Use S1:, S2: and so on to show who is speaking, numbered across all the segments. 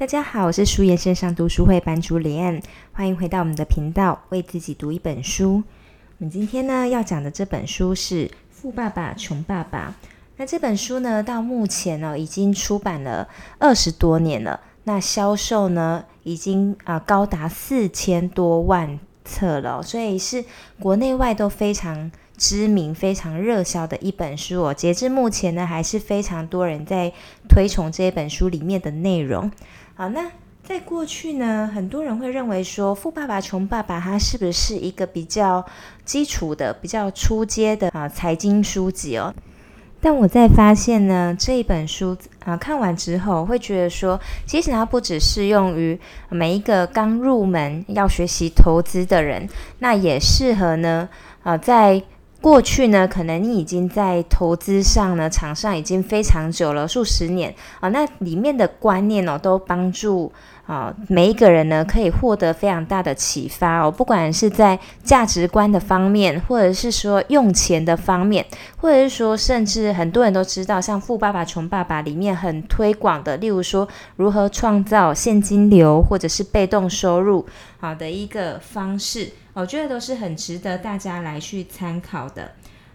S1: 大家好，我是書研線上讀書會班主李安，歡迎回到我們的頻道，為自己讀一本書。我們今天呢要講的這本書是《富爸爸窮爸爸》。那這本書呢，到目前呢、哦、已經出版了二十多年了，那銷售呢已經啊、呃、高達四千多萬冊了，所以是國內外都非常。知名、非常熱銷的一本書哦，截至目前呢，還是非常多人在推崇這一本書裡面的內容。好，那在過去呢，很多人會認為說《富爸爸窮爸爸》它是不是一個比較基礎的、比較初階的啊財經書籍哦？但我在發現呢，這一本書啊看完之後，會覺得說，其實它不只適用於每一個剛入門要學習投資的人，那也適合呢啊在。過去呢，可能你已經在投資上呢，場上已經非常久了，數十年啊、哦，那裡面的觀念哦，都幫助。啊，每一個人呢，可以獲得非常大的啟發哦，不管是在價值觀的方面，或者是說用錢的方面，或者是說，甚至很多人都知道，像《富爸爸窮爸爸》裡面很推廣的，例如說如何創造現金流或者是被動收入好的一個方式，我覺得都是很值得大家來去參考的。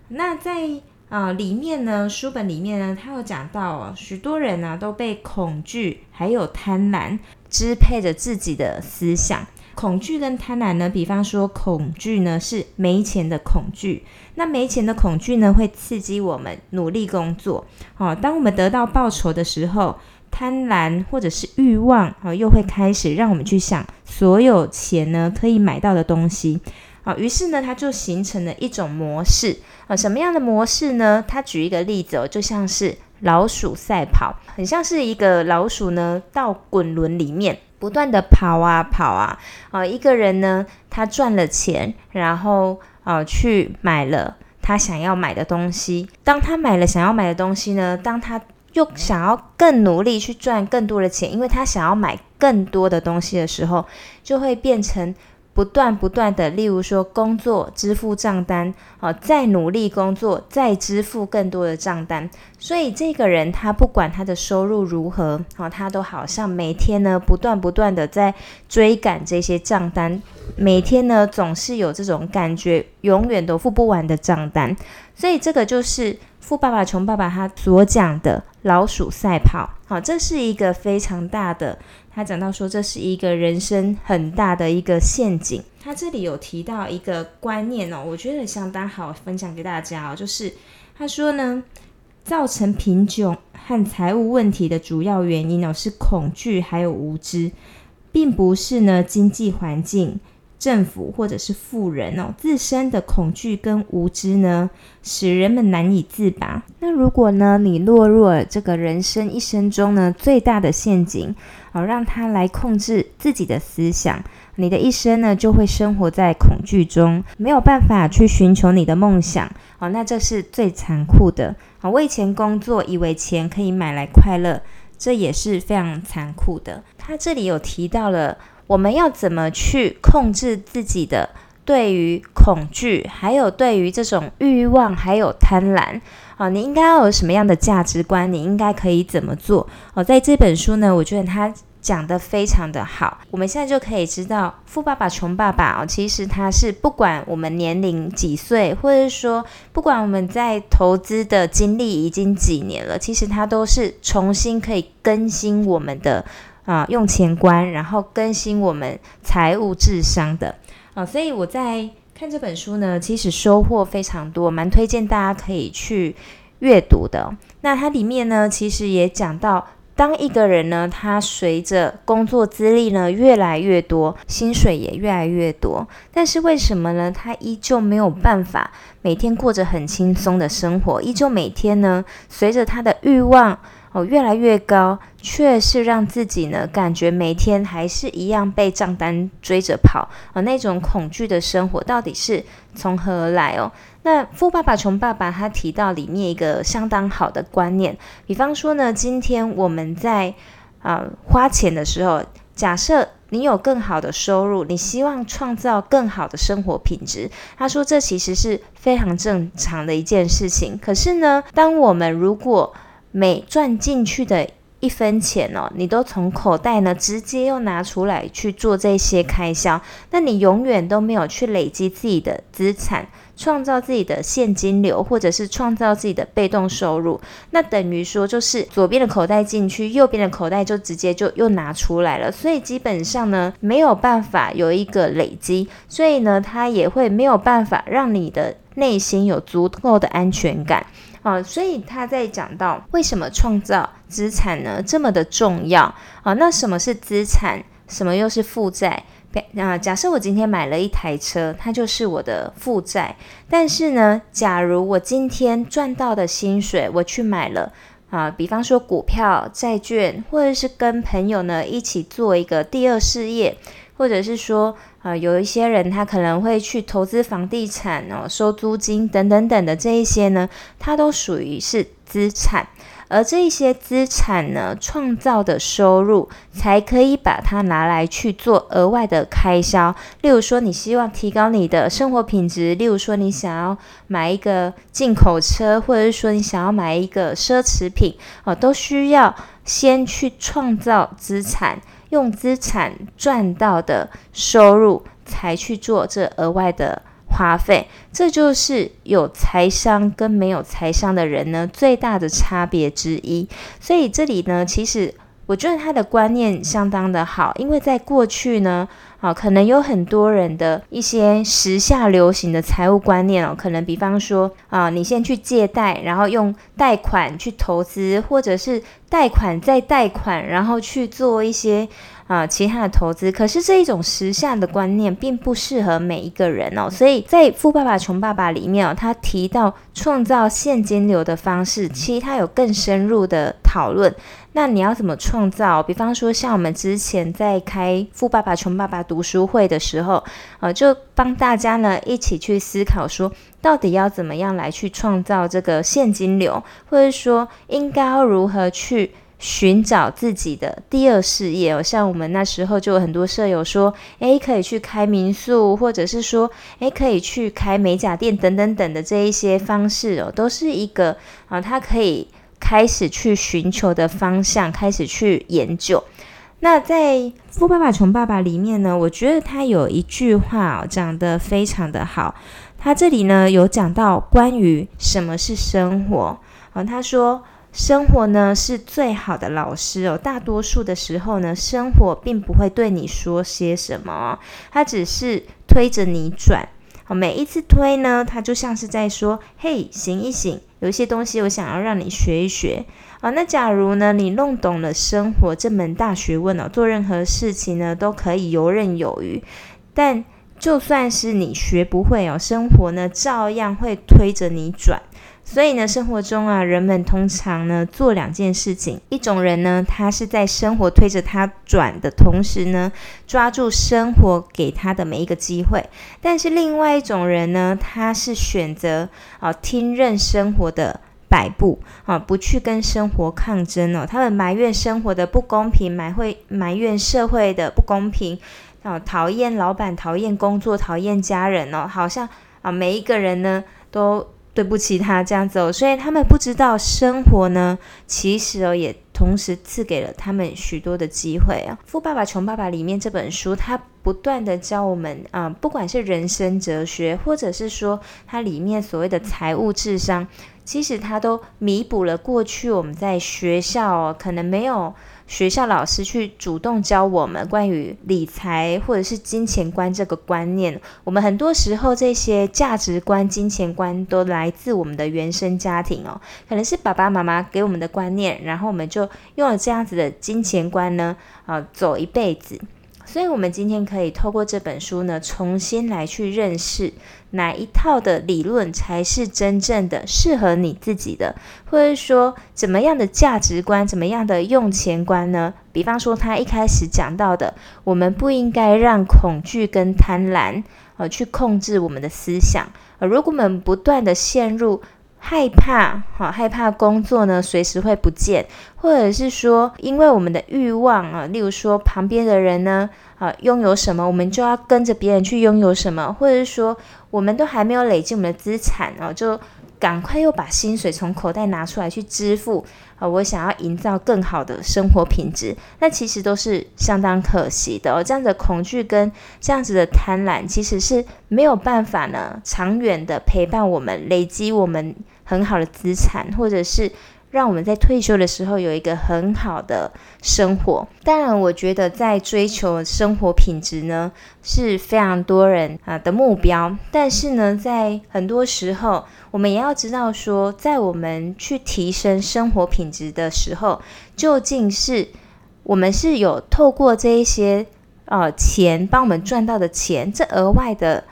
S1: 那在啊，裡面呢，書本裡面呢，他有講到哦，許多人呢啊都被恐懼還有貪婪支配着自己的思想。恐懼跟貪婪呢，比方說，恐懼呢是沒錢的恐懼，那沒錢的恐懼呢會刺激我們努力工作。好，啊，當我們得到報酬的時候，貪婪或者是欲望，啊，又會開始讓我們去想所有錢呢可以買到的東西。啊，於是呢，它就形成了一種模式啊，什麼樣的模式呢？它舉一個例子哦，就像是老鼠賽跑，很像是一個老鼠呢，到滾輪裡面不斷地跑啊跑啊，啊，一個人呢，他賺了錢，然後啊，去買了他想要買的東西。當他買了想要買的東西呢，當他又想要更努力去賺更多的錢，因為他想要買更多的東西的時候，就會變成。不斷不斷的，例如說工作支付賬單，哦，再努力工作，再支付更多的賬單，所以這個人，他不管他的收入如何，哦，他都好像每天呢不斷不斷的在追趕這些賬單，每天呢總是有這種感覺，永遠都付不完的賬單，所以這個就是富爸爸窮爸爸他所講的老鼠賽跑。好，這是一個非常大的。他講到說，這是一個人生很大的一個陷阱。他這裡有提到一個觀念哦，我覺得相當好，分享給大家哦。就是他說呢，造成貧窮和財務問題的主要原因哦，是恐懼還有無知，並不是呢經濟環境。政府或者是富人哦，自身的恐懼跟無知呢，使人們難以自拔。那如果呢，你落入了這個人生一生中呢最大的陷阱，哦，讓他來控制自己的思想，你的一生呢就會生活在恐懼中，沒有辦法去尋求你的夢想。哦，那這是最殘酷的。哦，為錢工作，以為錢可以買來快樂，這也是非常殘酷的。他這裡有提到了。我們要怎麼去控制自己的對於恐懼，還有對於這種慾望，還有貪婪？啊、哦，你應該要有什麼樣的價值觀？你應該可以怎麼做？哦，在這本書呢，我覺得他講的非常的好。我們現在就可以知道，《富爸爸窮爸爸》哦，其實它是不管我們年齡幾歲，或者說不管我們在投資的經歷已經幾年了，其實它都是重新可以更新我們的。啊，用錢觀，然後更新我們財務智商的啊，所以我在看這本書呢，其實收穫非常多，蠻推薦大家可以去閱讀的。那它裡面呢，其實也講到，當一個人呢，他隨着工作資歷呢越來越多，薪水也越來越多，但是為什麼呢？他依舊沒有辦法每天過着很輕鬆的生活，依舊每天呢，隨着他的欲望。哦，越來越高，卻是讓自己呢感覺每天還是一樣被賬單追着跑啊、哦！那種恐懼的生活到底是從何而來哦？那富爸爸窮爸爸他提到裡面一個相當好的觀念，比方說呢，今天我們在啊、呃、花錢的時候，假設你有更好的收入，你希望創造更好的生活品質，他說這其實是非常正常的一件事情。可是呢，當我們如果每賺進去的一分錢哦，你都從口袋呢直接又拿出來去做這些開銷，那你永遠都沒有去累積自己的資產，創造自己的現金流，或者是創造自己的被動收入。那等於說就是左邊的口袋進去，右邊的口袋就直接就又拿出來了，所以基本上呢沒有辦法有一個累積，所以呢它也會沒有辦法讓你的內心有足夠的安全感。啊、哦，所以他在講到為什麼創造資產呢這麼的重要啊、哦？那什麼是資產？什麼又是負債？啊，假設我今天買了一台車，它就是我的負債。但是呢，假如我今天賺到的薪水，我去買了啊，比方說股票、債券，或者是跟朋友呢一起做一個第二事業。或者是說，呃，有一些人他可能會去投資房地產哦，收租金等等等等的這一些呢，它都屬於是資產。而這一些資產呢，創造的收入才可以把它拿來去做額外的開銷。例如說，你希望提高你的生活品質，例如說，你想要買一個進口車，或者是說，你想要買一個奢侈品哦，都需要先去創造資產。用資產賺到的收入，才去做這額外的花費，這就是有財商跟沒有財商的人呢，最大的差別之一。所以這裡呢，其實。我覺得他的觀念相當的好，因為在過去呢，好，哦，可能有很多人的一些時下流行的財務觀念哦，可能比方說啊，呃，你先去借貸，然後用貸款去投資，或者是貸款再貸款，然後去做一些。啊、呃，其他的投資，可是這一種時下的觀念並不適合每一個人哦。所以在《富爸爸窮爸爸》裡面哦，他提到創造現金流的方式，其實他有更深入的討論。那你要怎麼創造？比方說，像我們之前在開《富爸爸窮爸爸》讀書會的時候，呃，就幫大家呢一起去思考，說到底要怎麼樣來去創造這個現金流，或者說應該要如何去？尋找自己的第二事業哦，像我們那時候就有很多舍友說，誒，可以去開民宿，或者是說，誒，可以去開美甲店等等等等的這一些方式哦，都是一個啊，他可以開始去尋求的方向，開始去研究。那在《富爸爸窮爸爸》裡面呢，我覺得他有一句話哦，講得非常的好。他這裡呢有講到關於什麼是生活啊，他說。生活呢是最好的老師哦，大多數的時候呢，生活並不會對你說些什麼哦，它只是推着你轉。每一次推呢，它就像是在說：“嘿，醒一醒，有一些東西我想要讓你學一學。”哦啊，那假如呢，你弄懂了生活這門大學問哦，做任何事情呢都可以游刃有餘。但就算是你學不會哦，生活呢照樣會推着你轉。所以呢，生活中啊，人們通常呢做兩件事情。一種人呢，他是在生活推着他轉的同時呢，抓住生活給他的每一個機會；但是另外一種人呢，他是選擇啊聽任生活的擺布啊，不去跟生活抗爭哦，他們埋怨生活的不公平，埋會埋怨社會的不公平，啊，討厭老闆，討厭工作，討厭家人哦，好像啊，每一個人呢都對不起他，他這樣子哦，所以他們不知道生活呢，其實哦也同時賜給了他們許多的機會啊。《富爸爸窮爸爸》裡面這本書，它不斷地教我們啊、呃，不管是人生哲學，或者是說它裡面所謂的財務智商，其實它都彌補了過去我們在學校、哦、可能沒有。學校老師去主動教我們關於理財或者是金錢觀這個觀念，我們很多時候這些價值觀、金錢觀都來自我們的原生家庭哦，可能是爸爸媽媽給我們的觀念，然後我們就用了這樣子的金錢觀呢，啊，走一輩子。所以，我們今天可以透過這本書呢，重新來去認識哪一套的理論才是真正的適合你自己的，或者說怎麼樣的價值觀，怎麼樣的用錢觀呢？比方說，他一開始講到的，我們不應該讓恐懼跟貪婪呃去控制我們的思想而，呃、如果我們不斷地陷入，害怕，好、啊、害怕工作呢，隨時會不見，或者是說，因為我們的欲望啊，例如說旁邊的人呢，啊擁有什麼，我們就要跟着別人去擁有什麼，或者是說，我們都還沒有累積我們的資產，哦、啊，就趕快又把薪水從口袋拿出來去支付，啊，我想要營造更好的生活品質，那其實都是相當可惜的。哦、這樣子的恐懼跟這樣子的貪婪，其實是沒有辦法呢，長遠的陪伴我們，累積我們。很好的資產，或者是讓我們在退休的時候有一個很好的生活。當然，我覺得在追求生活品質呢，是非常多人啊的目標。但是呢，在很多時候，我們也要知道說，在我們去提升生活品質的時候，究竟是我們是有透過這一些呃錢幫我們賺到的錢，這額外的。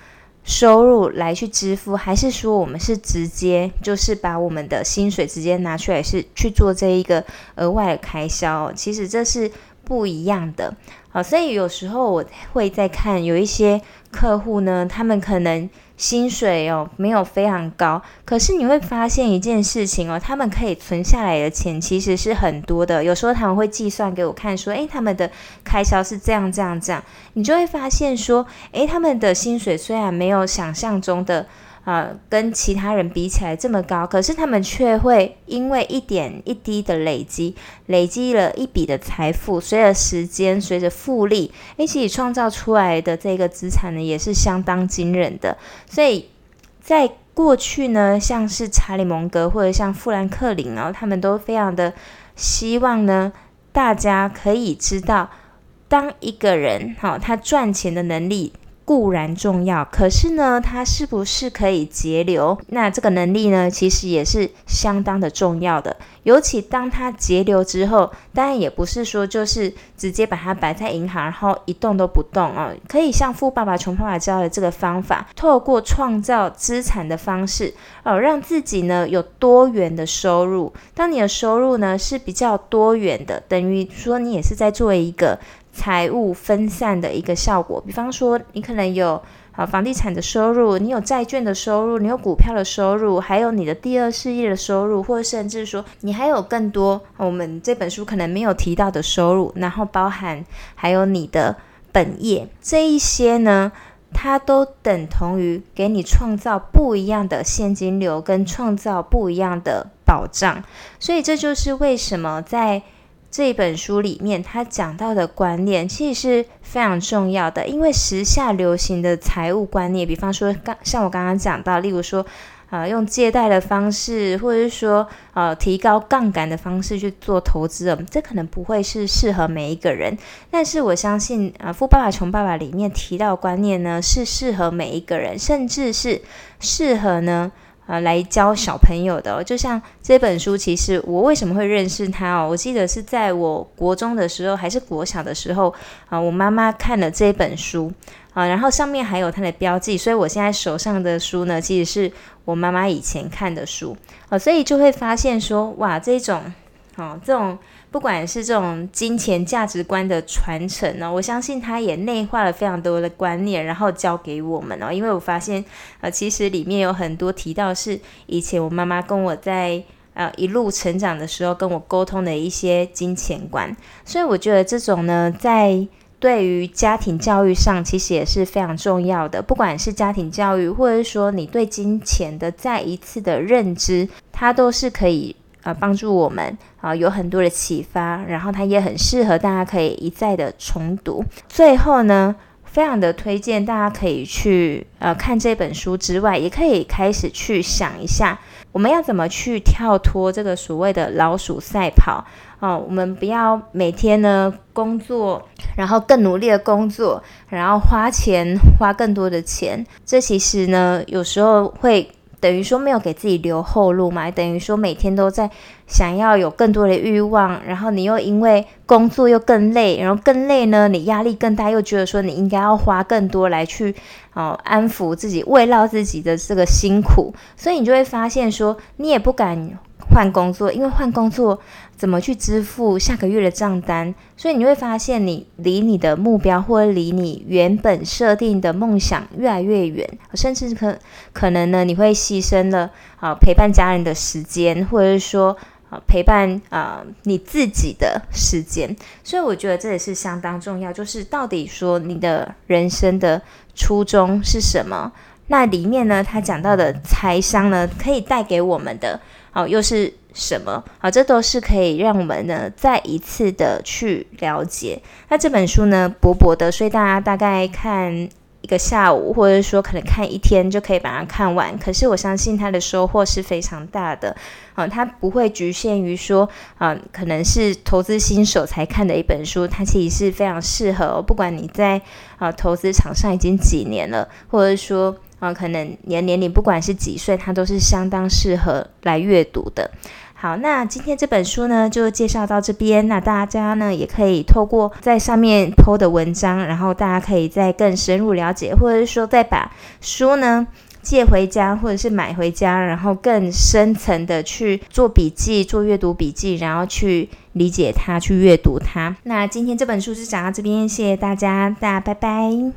S1: 收入來去支付，還是說我們是直接就是把我們的薪水直接拿出來是去做這一個額外的開銷哦，其實這是不一樣的。好，哦，所以有時候我會在看有一些客戶呢，他們可能薪水哦沒有非常高，可是你會發現一件事情哦，他們可以存下來的錢其實是很多的。有時候他們會計算給我看說，誒，他們的開銷是這樣這樣這樣，你就會發現說，誒，他們的薪水雖然沒有想象中的。啊，跟其他人比起來這麼高，可是他們卻會因為一點一滴的累積，累積了一筆的財富，隨着時間、隨着複利一起創造出來的這個資產呢，也是相當驚人的。所以在過去呢，像是查理·蒙格或者像富蘭克林啊、哦，他們都非常的希望呢，大家可以知道，當一個人好、哦，他賺錢的能力，固然重要，可是呢，它是不是可以節流？那這個能力呢，其實也是相當的重要的。尤其當它節流之後，當然也不是說就是直接把它擺在銀行，然後一動都不動啊、哦。可以像富爸爸窮爸爸教的這個方法，透過創造資產的方式哦，讓自己呢有多元的收入。當你的收入呢是比較多元的，等於說你也是在作為一個。財務分散的一個效果，比方說你可能有啊房地產的收入，你有債券的收入，你有股票的收入，還有你的第二事業的收入，或者甚至說你還有更多，啊，我們這本書可能沒有提到的收入，然後包含還有你的本業這一些呢，它都等同於給你創造不一樣的現金流，跟創造不一樣的保障，所以這就是為什麼在。這一本書裡面他講到的觀念其實是非常重要的，因為時下流行的財務觀念，比方說剛像我剛剛講到，例如說啊、呃、用借貸的方式，或者是說呃提高槓桿的方式去做投資，這可能不會是適合每一個人。但是我相信啊、呃《富爸爸窮爸爸》裡面提到觀念呢，是適合每一個人，甚至是適合呢。啊、呃，來教小朋友的，哦，就像這本書，其實我為什麼會認識它哦？我記得是在我國中的時候，還是國小的時候啊、呃，我媽媽看了這本書啊、呃，然後上面還有它的標記，所以我現在手上的書呢，其實是我媽媽以前看的書啊、呃，所以就會發現說，哇，這種，啊、呃，這種。不管是這種金錢價值觀的傳承呢，哦，我相信他也內化了非常多的觀念，然後教給我們哦，因為我發現呃，其實裡面有很多提到是以前我媽媽跟我在呃一路成長的時候跟我溝通的一些金錢觀，所以我覺得這種呢，在對於家庭教育上其實也是非常重要的。不管是家庭教育，或者說你對金錢的再一次的認知，它都是可以。啊、呃，幫助我們啊、呃，有很多的啟發，然後它也很適合大家可以一再的重讀。最後呢，非常的推薦大家可以去呃看這本書之外，也可以開始去想一下，我們要怎麼去跳脫這個所謂的老鼠賽跑哦、呃。我們不要每天呢工作，然後更努力的工作，然後花錢花更多的錢。這其實呢，有時候會。等於說沒有給自己留後路嘛，等於說每天都在。想要有更多的欲望，然後你又因為工作又更累，然後更累呢，你壓力更大，又覺得說你應該要花更多來去哦、呃、安撫自己，慰勞自己的這個辛苦，所以你就會發現說你也不敢換工作，因為換工作怎麼去支付下個月的賬單？所以你會發現你離你的目標或者離你原本設定的夢想越來越遠，甚至可可能呢你會犧牲了。啊、呃，陪伴家人的時間，或者是說啊、呃，陪伴啊、呃、你自己的時間，所以我覺得這也是相當重要。就是到底說你的人生的初衷是什麼？那裡面呢，他講到的財商呢，可以帶給我們的好、呃、又是什麼？好、呃，這都是可以讓我們呢再一次的去了解。那這本書呢，薄薄的，所以大家大概看。一個下午，或者說可能看一天就可以把它看完。可是我相信它的收穫是非常大的。嗯、啊，它不會局限於說啊，可能是投資新手才看的一本書。它其實是非常適合，哦，不管你在啊投資場上已經幾年了，或者說啊可能年年齡不管是幾歲，它都是相當適合來閱讀的。好，那今天這本書呢，就介紹到這邊。那大家呢，也可以透過在上面 po 的文章，然後大家可以再更深入了解，或者是說再把書呢借回家，或者是買回家，然後更深層的去做筆記、做閱讀筆記，然後去理解它、去閱讀它。那今天這本書就講到這邊，謝謝大家，大家拜拜。